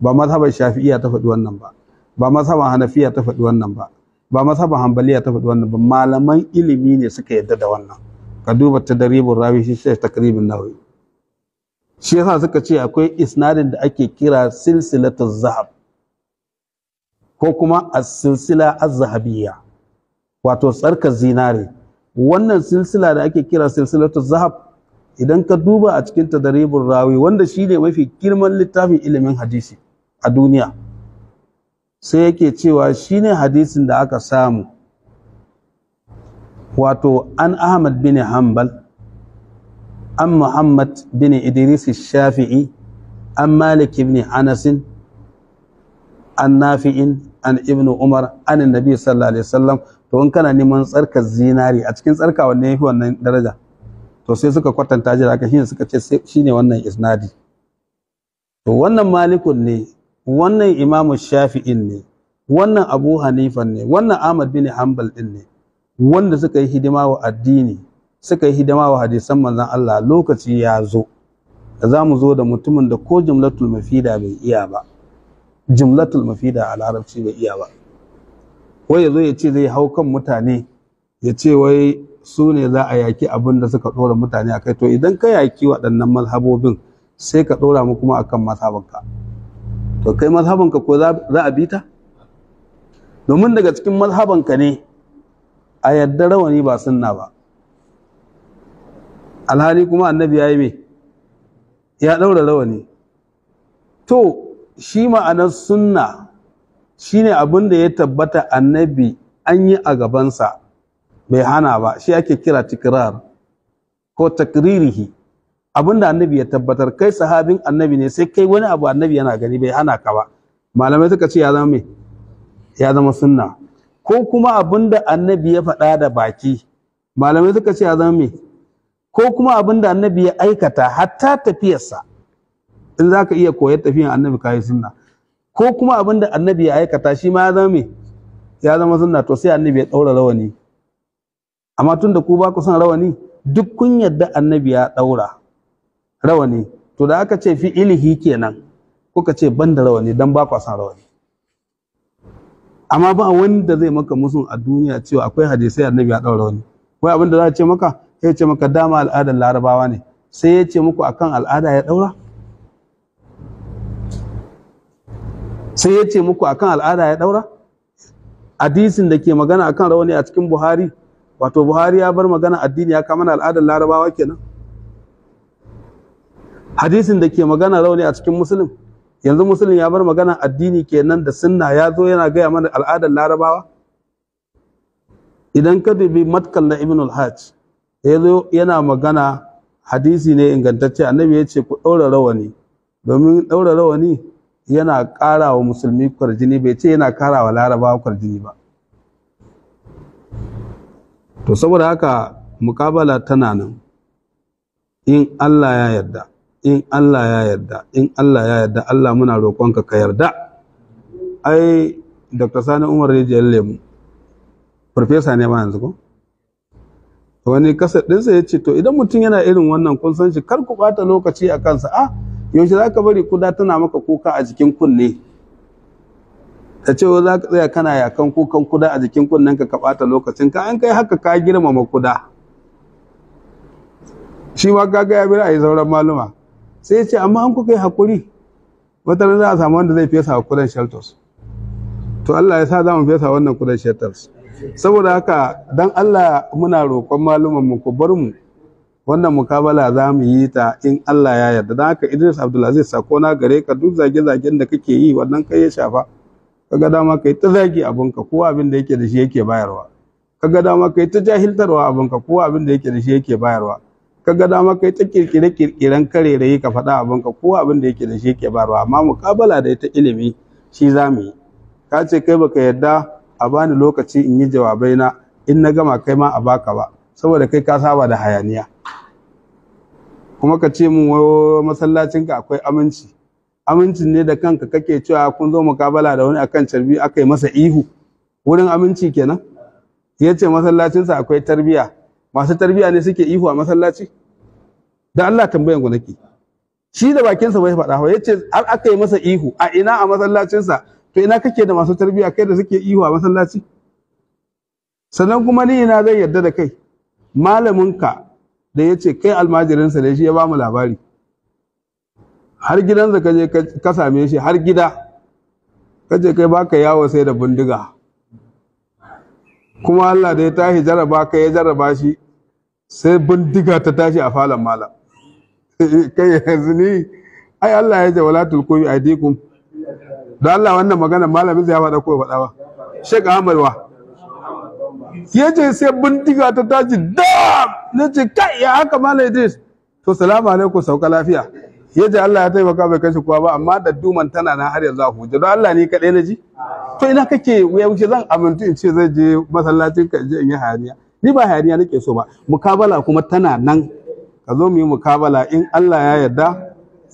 ba mazhaban shafi'iya ta faɗi wannan ba ba mazhaban hanafiya ta faɗi wannan ba ba mazhaban hanbaliya ta faɗi wannan ba malaman ilimi ne suka yadda da wannan ka duba tadribul rawi shi sai takribin nawawi shi yasa suka ce akwai isnadin da ake kira silsilatu zahab ko kuma as-silsila az-zahabiyya wato tsarka zinare wannan silsila da ake kira silsilatu zahab idan ka duba a cikin tadaribul rawi wanda shine mafi girman littafin ilimin hadisi a duniya sai yake cewa shine hadisin da aka samu wato an ahmad bin hanbal an muhammad bin idris shafi'i an malik bin anas an nafi'in an ibn umar an nabi sallallahu alaihi wasallam to in kana neman tsarkar zinari a cikin tsarka wanne yafi wannan daraja to sai suka kwatanta jira ka shine suka ce shine wannan isnadi to wannan malikun ne wannan imamu shafi'in ne wannan abu hanifan ne wannan ahmad bin hanbal din ne wanda suka yi hidima wa addini suka yi hidima wa hadisan manzon Allah lokaci ya zo za mu zo da mutumin da ko jumlatul mafida bai iya ba jumlatul mafida a larabci bai iya ba wai ya zo ya ce zai hau kan mutane ya ce wai su ne za a yaki abin da suka ɗora mutane a kai to idan ka yaki waɗannan malhabobin sai ka ɗora mu kuma akan masabanka to kai mazhabanka ko za a bi ta domin daga cikin mazhabanka ne a yadda rawani ba sunna ba alhali kuma annabi ya yi me ya ɗaura rawani to shi ma'anar sunna shine abin da ya tabbata annabi an yi a gabansa bai hana ba shi ake kira tikrar ko takririhi abin da annabi ya tabbatar kai sahabin annabi ne sai kai wani abu annabi yana gani bai hana ka ba malamai suka ce ya zama me ya zama sunna ko kuma abin da annabi ya faɗa da baki malamai suka ce ya zama me ko kuma abin da annabi ya aikata hatta tafiyarsa in za ka iya koyar tafiyar annabi ka yi sunna ko kuma abin da annabi ya aikata shi ma ya zama me ya zama sunna to sai annabi ya ɗaura rawani amma tun da ku ba ku son rawani duk kun yadda annabi ya ɗaura rawani to da aka ce fi ilihi kenan kuka ce ban da rawani dan ba san rawani amma ba wanda zai maka musu a duniya cewa akwai hadisai annabi ya daura rawani wai abin da za a ce maka sai ya ce maka dama al'adar larabawa ne sai ya ce muku akan al'ada ya daura sai ya ce muku akan al'ada ya daura hadisin da ke magana akan rawani a cikin buhari wato buhari ya bar magana addini ya kama al'adar larabawa kenan hadisin da ke magana rauni a cikin musulun yanzu musulun ya bar magana addini kenan da sunna ya zo yana gaya mana al'adar larabawa idan ka dubi matkal na ibn al-hajj ya zo yana magana hadisi ne ingantacce annabi ya ce ku ɗaura rawani domin ɗaura rawani yana ƙara wa musulmi kwarjini bai ce yana ƙara wa larabawa kwarjini ba to saboda haka mukabala tana nan in allah ya yarda in Allah ya yarda in Allah ya yarda Allah muna roƙonka ka yarda ai Dr. Sani Umar Rijiyar Lemu farfesa ne ma yanzu ko wani kasar ɗinsa ya ce to idan mutum yana irin wannan kun san shi kar ku ɓata lokaci a kansa a ah, yaushe za ka bari kuda tana maka kuka a jikin kunne ta ce za ka tsaya kana yakan kukan kuda a jikin kunnen ka ka ɓata lokacin ka an kai haka ka girmama kuda shi ma kaga ya ya bi ra'ayi sauran maluma sai ya ce amma an kuka yi hakuri wata ran za a samu wanda zai fesa wa kudan shelters to Allah ya sa za mu fesa wannan kudan shelters saboda haka dan Allah muna roƙon maluman mu ku bar mu wannan mukabala za mu yi ta in Allah ya yarda don haka Idris Abdulaziz sako na gare ka duk zage-zagen da kake yi wannan kai ya shafa kaga dama kai ta zagi abinka ko abin da yake da shi yake bayarwa kaga dama kai ta jahiltarwa abinka kowa abin da yake da shi yake bayarwa ka ga dama kai ta kirkire kirkiren karerayi ka faɗa abin ka ko abin da yake da shi yake barwa amma muƙabala da ita ilimi shi za mu yi ka ce kai baka yarda a bani lokaci in yi jawabai na in na gama kai ma a baka ba saboda kai ka saba da hayaniya kuma ka ce mun wayo ka akwai aminci amincin ne da kanka kake cewa kun zo mukabala da wani akan carbi aka yi masa ihu wurin aminci kenan ya ce masallacinsa akwai tarbiyya. masu tarbiya ne suke ihu a masallaci da Allah tambayan ku nake shi da bakinsa bai faɗa ba yace har aka yi masa ihu a ina a masallacinsa to ina kake da masu tarbiya kai da suke ihu a masallaci sannan kuma ni ina zan yarda da kai malamin ka da yace kai almajirinsa ne shi ya ba mu labari har gidan ka je ka same shi har gida ka je kai baka yawo sai da bindiga kuma Allah da ya tahi jaraba ka ya jaraba shi sai bindiga ta tashi a falon malam <laughs> kai yanzu ni ai Allah ya ce wala tulku bi aidikum don Allah wannan magana malamin zai faɗa ko ya faɗa ba Sheikh Ahmad wa ya ce sai bindiga ta tashi dam na ce kai ya haka malam Idris to salamu alaikum sauka lafiya ya ce Allah ya taimaka bai kashe kowa ba amma da duman tana na har yanzu a huja don Allah ne kaɗai na ji to ina kake ya wuce zan amintu in ce zai je masallacin ka je in yi hariya ni ba hayaniya nake so ba mukabala kuma tana nan ka zo mu yi mukabala in Allah ya yarda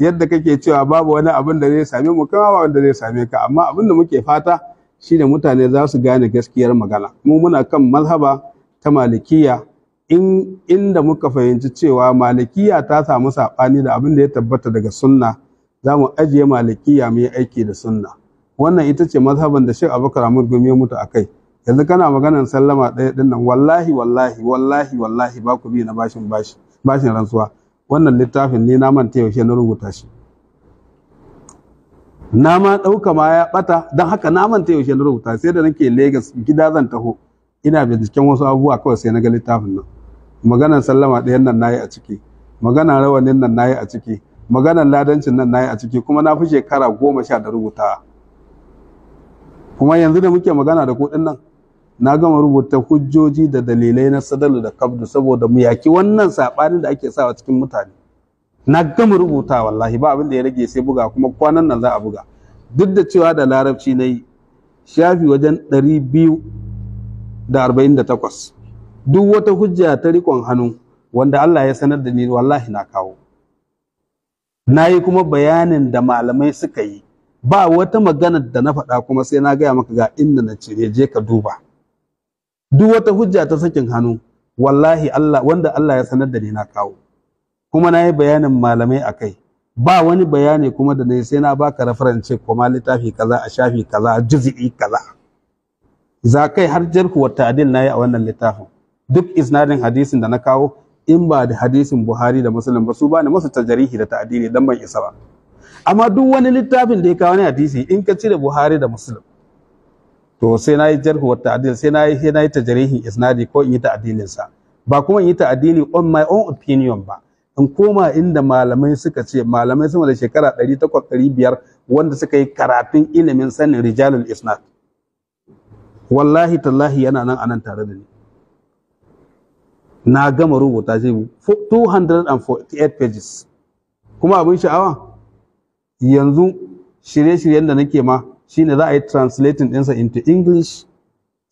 yadda kake cewa babu wani abin da zai same mu kuma ba wanda zai same ka amma abin da muke fata shine mutane za su gane gaskiyar magana mu muna kan mazhaba ta malikiya in inda muka fahimci cewa malikiya ta samu saɓani da abin da ya tabbata daga sunna za mu ajiye malikiya mu yi aiki da sunna wannan ita ce mazhaban da Sheikh Abubakar Ahmad Gumi ya mutu akai yanzu kana maganan sallama ɗaya ɗin nan wallahi wallahi wallahi wallahi ba ku bi na bashin bashi bashin rantsuwa wannan littafin ne na manta yaushe na rubuta shi na ma ɗauka ma ya ɓata don haka na manta yaushe na rubuta sai da nake Legas gida zan taho ina binciken wasu abubuwa kawai sai na ga littafin nan maganan sallama ɗayan nan nayi a ciki maganan rawanin nan nayi a ciki maganan ladancin nan nayi a ciki kuma na fi shekara goma sha da rubuta kuma yanzu da muke magana da kuɗin nan na gama rubuta hujjoji da dalilai na sadalu da kabdu saboda mu yaki wannan sabanin da ake sawa cikin mutane na gama rubuta wallahi ba abin da ya rage sai buga kuma kwanan nan za a buga duk da cewa da larabci na yi shafi wajen 248 duk wata hujja ta rikon hannu wanda Allah ya sanar da ni wallahi na kawo na yi kuma bayanin da malamai suka yi ba wata maganar da na faɗa kuma sai na gaya maka ga inda na cire je ka duba duk wata hujja ta sakin hannu wallahi Allah wanda Allah ya sanar da ni na kawo kuma na yi bayanin malamai a kai ba wani bayani kuma da nayi sai na baka reference kuma littafi kaza a shafi kaza juz'i kaza za kai har jarku wa ta'dil nayi a wannan littafin duk isnadin hadisin da na kawo in ba da hadisin Buhari da Muslim ba su ba ne masa tajarihi da ta'dili dan ban isa ba amma duk wani littafin da ya kawo ne hadisi in ka cire Buhari da Muslim to sai nayi yi jarhu wa ta'dil sai na yi sai na yi isnadi ko in yi ta'dilin sa ba kuma in yi ta'dili on my own opinion ba in koma inda malamai suka ce malamai sama da shekara 1800 biyar wanda suka yi karatun ilimin sanin rijalul isnad wallahi tallahi yana nan anan tare da ni na gama rubuta zai 248 pages kuma abin sha'awa yanzu shirye-shiryen da nake ma shine za a yi translating ɗinsa into English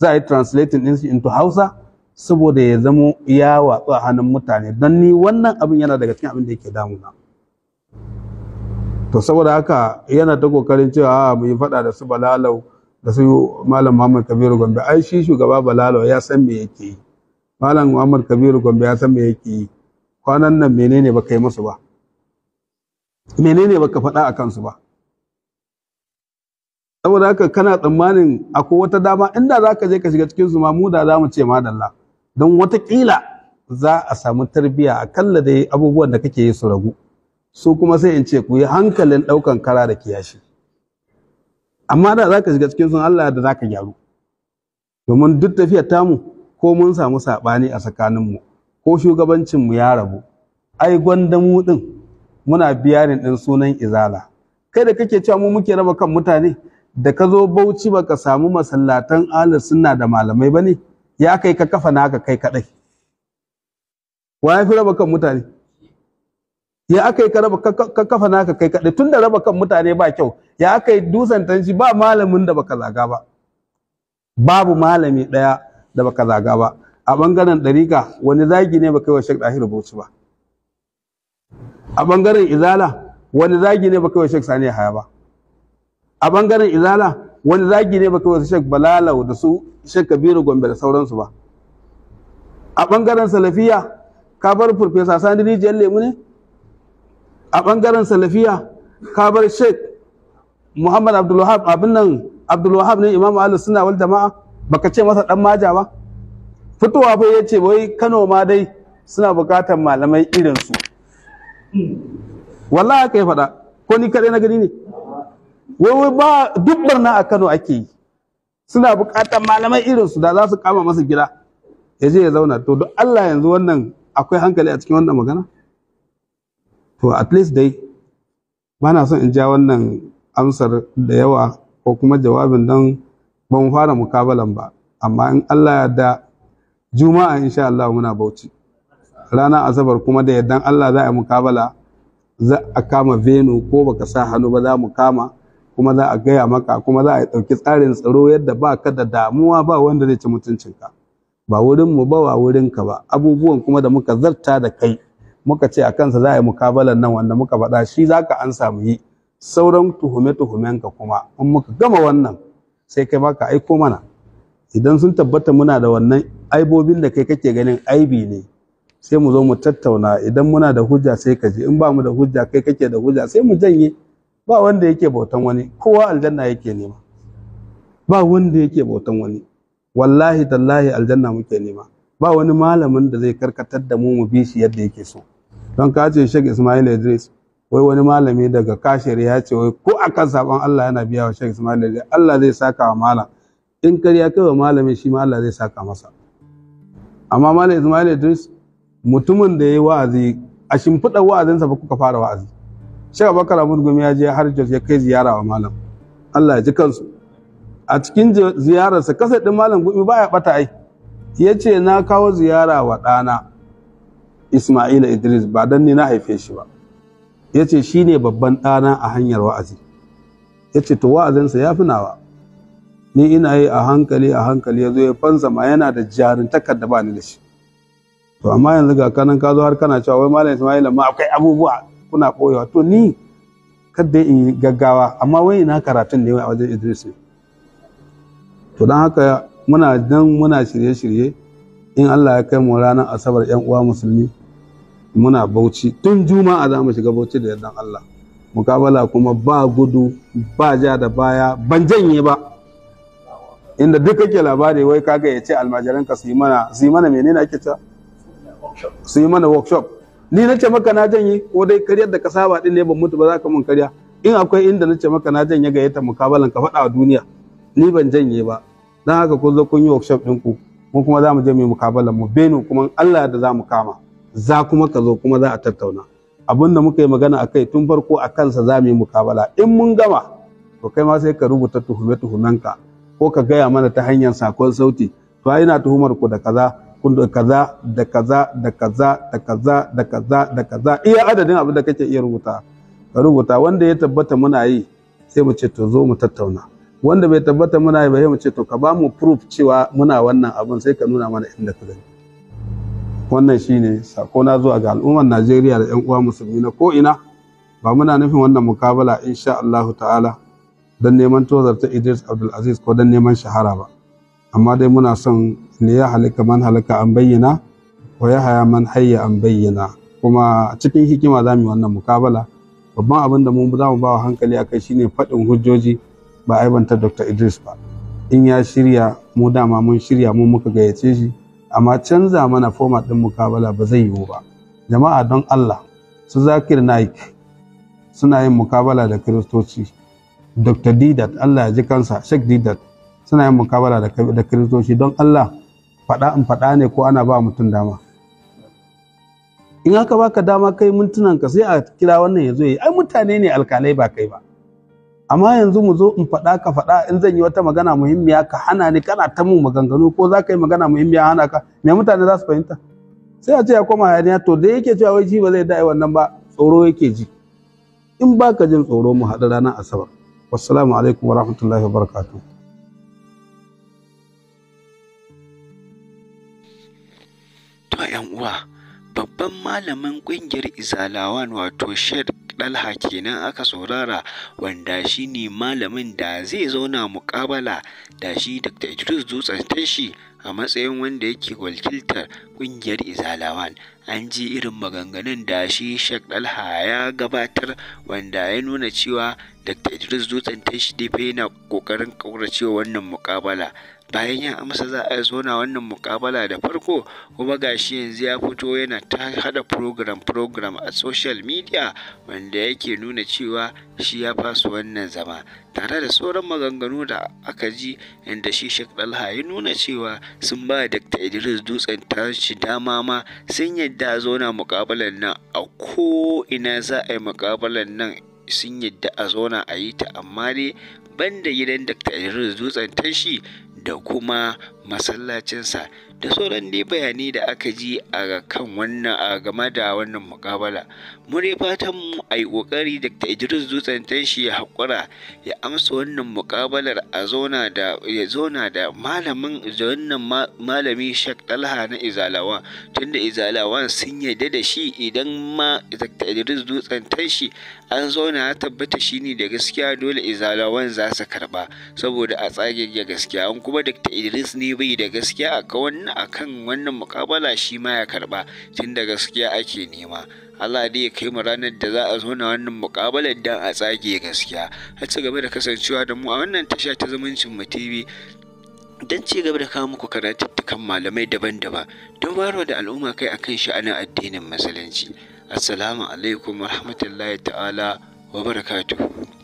za a yi translating ɗinsa into Hausa saboda ya zamo ya watsu a hannun mutane don ni wannan abin yana daga cikin abin da yake damuna to saboda haka yana ta kokarin cewa a ah, mu yi faɗa da su balalau da su malam Muhammad Kabiru Gombe ai shi shugaba balalau ya san me yake yi malam Muhammad Kabiru Gombe ya san me yake yi kwanan nan menene baka yi musu ba menene baka faɗa a kansu ba saboda haka kana tsammanin akwai wata dama inda za ka je ka shiga cikin su ma mu da za mu ce madalla don watakila za a samu tarbiyya kalla dai abubuwan da kake yi su ragu su kuma sai in ce ku yi hankalin ɗaukan kara da kiyashi amma da za ka shiga cikin sun Allah da za ka gyaru domin duk ta mu ko mun samu saɓani a tsakaninmu ko shugabancinmu ya rabu ai gwandamu din muna biyarin ɗin sunan izala kai da kake cewa mu muke raba kan mutane da ka zo bauchi baka samu masallatan ahlus sunna da malamai bane ya kai ka kafa naka kai kadai wa ya fi raba kan mutane ya aka yi ka raba ka kafa naka kai kadai tun da raba kan mutane ba kyau ya aka yi dusan tanshi ba malamin da baka zaga ba babu malami daya da baka zaga ba a bangaren dariƙa wani zagi ne baka yi wa shek Dahir Bauchi ba a bangaren izala wani zagi ne baka yi wa shek Sani Haya ba a bangaren izala wani zagi ne baka wasu shek balalau da su shek kabiru gombe da sauransu ba a bangaren salafiya ka bar furfesa sani rijiyar lemu ne a bangaren salafiya ka bar shek muhammad abdulwahab abin nan abdulwahab ne imamu ahlus suna wal jama'a baka ce masa dan maja ba fitowa fa ya ce wai kano ma dai suna bukatar malamai irinsu wallahi yi faɗa ko ni kaɗai na gani ne wai ba duk barna a Kano ake yi suna bukatar malamai irin su da za su kama masa gida ya je ya zauna to duk Allah yanzu wannan akwai hankali a cikin wannan magana to at least dai ba na son in ja wannan amsar da yawa ko kuma jawabin don ban fara mukabalan ba amma in Allah ya da juma'a insha Allah muna bauchi ranar asabar kuma da yaddan Allah za a yi mukabala za a kama venu ko baka sa hannu ba za mu kama kuma za a gaya maka kuma za a ɗauki tsarin tsaro yadda ba ka da damuwa ba wanda zai ci mutuncin ka. ba wurin mu ba wa ka ba abubuwan kuma da muka zarta da kai muka ce a kansa za a yi mukabalan nan wanda muka faɗa shi za ka an samu yi sauran tuhume ka kuma in muka gama wannan sai kai ba ka aiko mana idan sun tabbata muna da wannan aibobin da kai kake ganin aibi ne sai mu zo mu tattauna idan muna da hujja sai ka ji, in ba mu da hujja kai kake da hujja sai mu janye ba wanda yake bautan wani kowa aljanna yake nema ba wanda yake bautan wani wallahi tallahi aljanna muke nema ba wani malamin da zai karkatar da mu mu bi shi yadda yake so don ka ce Sheikh Ismail Idris wai wani malami daga kashiri ya ce wai ko akan sabon Allah yana biya wa Sheikh Ismail Idris Allah zai saka wa malam in karya kai wa malami shi ma Allah zai saka masa amma malam Ismail Idris mutumin da yayi wa'azi a shimfiɗar wa'azinsa ba kuka fara wa'azi Sheikh Abubakar Ahmad Gumi ya je har Jos ya kai ziyara wa malam Allah ya ji kansu a cikin ziyararsa kasa din malam Gumi baya bata ai yace na kawo ziyara wa ɗana Ismaila Idris ba dan ni na haife shi ba yace shine babban ɗana a hanyar wa'azi yace to wa'azinsa ya fi nawa ni ina yi a hankali a hankali ya zo ya fansa ma yana da jarintakar da ba ni da shi to amma yanzu ga kanan ka zo har kana cewa wai malam Ismaila ma akwai abubuwa kuna ɓoyewa to ni kadda in gaggawa amma wai ina karatun ne a wajen Idris to don haka muna dan muna shirye-shirye in Allah ya kai mu ranar asabar yan uwa musulmi muna bauchi tun juma'a za mu shiga bauchi da yardan Allah mukabala kuma ba gudu ba ja da baya ban janye ba inda duk kake labari wai kaga ya ce ka su yi mana su yi mana menene ake ta su yi mana workshop ni na ce maka na janye ko dai karyar da ka saba din ne ban mutu ba za ka mun karya in akwai inda na ce maka na janye ga yata mukabalan ka faɗa a duniya ni ban janye ba dan haka kun zo kun yi workshop din ku mu kuma za mu je mu yi mukabalan mu beno kuma Allah da za mu kama za kuma ka zo kuma za a tattauna abin da muka yi magana akai tun farko a kansa za mu yi mukabala in mun gama to kai ma sai ka rubuta tuhume-tuhumenka ko ka gaya mana ta hanyar sakon sauti to ina tuhumar ku da kaza kun kaza da kaza da kaza da kaza da kaza da kaza iya adadin abin da kake iya rubuta ka rubuta wanda ya tabbata muna yi sai mu ce to zo mu tattauna wanda bai tabbata muna yi ba sai mu ce to ka ba mu proof cewa muna wannan abin sai ka nuna mana inda ka gani wannan shine sako na zuwa ga al'ummar Najeriya da ƴan uwa musulmi na ko ina ba muna nufin wannan mukabala insha Allah ta'ala dan neman tozarta Idris Abdul Aziz ko dan neman shahara ba amma dai muna son ne ya halika man halika an bayyana wa ya haya man hayya an bayyana kuma cikin hikima za mu yi wannan mukabala babban abin da mu za mu ba wa hankali a kai shine faɗin hujjoji ba banta dr idris ba in ya shirya mu dama mun shirya mu muka gayyace shi amma canza mana format ɗin mukabala ba zai yiwu ba jama'a don allah su zakir naik suna yin mukabala da kiristoci dr didat allah ya ji kansa sheikh didat suna yin mukabala da kiristoci don Allah faɗa in faɗa ne ko ana ba mutum dama in haka baka dama kai mintunan ka sai a kira wannan ya zo yi ai mutane ne alkalai ba kai ba amma yanzu mu zo in faɗa ka faɗa in zan yi wata magana muhimmiya ka hana ni kana ta mun maganganu ko za ka yi magana muhimmiya hana ka me mutane za su fahimta sai a ce ya koma hayaniya to da yake cewa wai shi ba zai da'i wannan ba tsoro yake ji in baka jin tsoro mu haɗu ranar asabar wassalamu alaikum warahmatullahi wabarakatuh ‘yan uwa, babban malamin ƙungiyar Izalawan wato shed ɗalha kenan aka saurara wanda shi ne malamin da zai zauna mukabala da shi Dr. Idris Dutsen tashi a matsayin wanda yake wakiltar ƙungiyar Izalawan. An ji irin maganganun da shi shek ɗalha ya gabatar wanda ya nuna cewa Dr. Idris Dutsen tashi dai yana ƙoƙarin ƙauracewa wannan muƙabala. bayan ya amsa za a na wannan mukabala da farko kuma gashi yanzu ya fito yana ta hada program program a social media wanda yake nuna cewa shi ya fasu wannan zama tare da sauran maganganu da aka ji inda shi Sheikh Dalha ya nuna cewa sun ba Dr. Idris Dutsen tashi dama ma sun yadda a zauna mukabalan nan a ko ina za a yi mukabalan nan sun yadda a zauna a yi ta amma dai banda gidan Dr. Idris Dutsen tashi da kuma masallacinsa da sauran dai bayanai da aka ji a kan wannan a game da wannan mukabala mu dai fatan mu a yi kokari Dr. Idris Dutsen tanshi ya haƙura ya amsa wannan mukabalar a zona da ya zona da malamin da wannan malami shak Talha na izalawa tunda Izalawan sun yarda da shi idan ma Dr. Idris Dutsen tanshi an zauna ya tabbata shi ne da gaskiya dole Izalawan za su karba saboda a tsage gaskiya an kuma Dr. Idris ne bai da gaskiya a kan wannan mukabala shi ma ya karba tun da gaskiya ake nema Allah dai ya kai mu ranar da za a zo na wannan mukabalar dan a tsage gaskiya har ci gaba da kasancewa da mu a wannan tasha ta zumuncin mu TV don ci gaba da kawo muku karatuttukan malamai daban-daban don waro da al'umma kai akan sha'anin addinin musulunci assalamu alaikum warahmatullahi ta'ala wa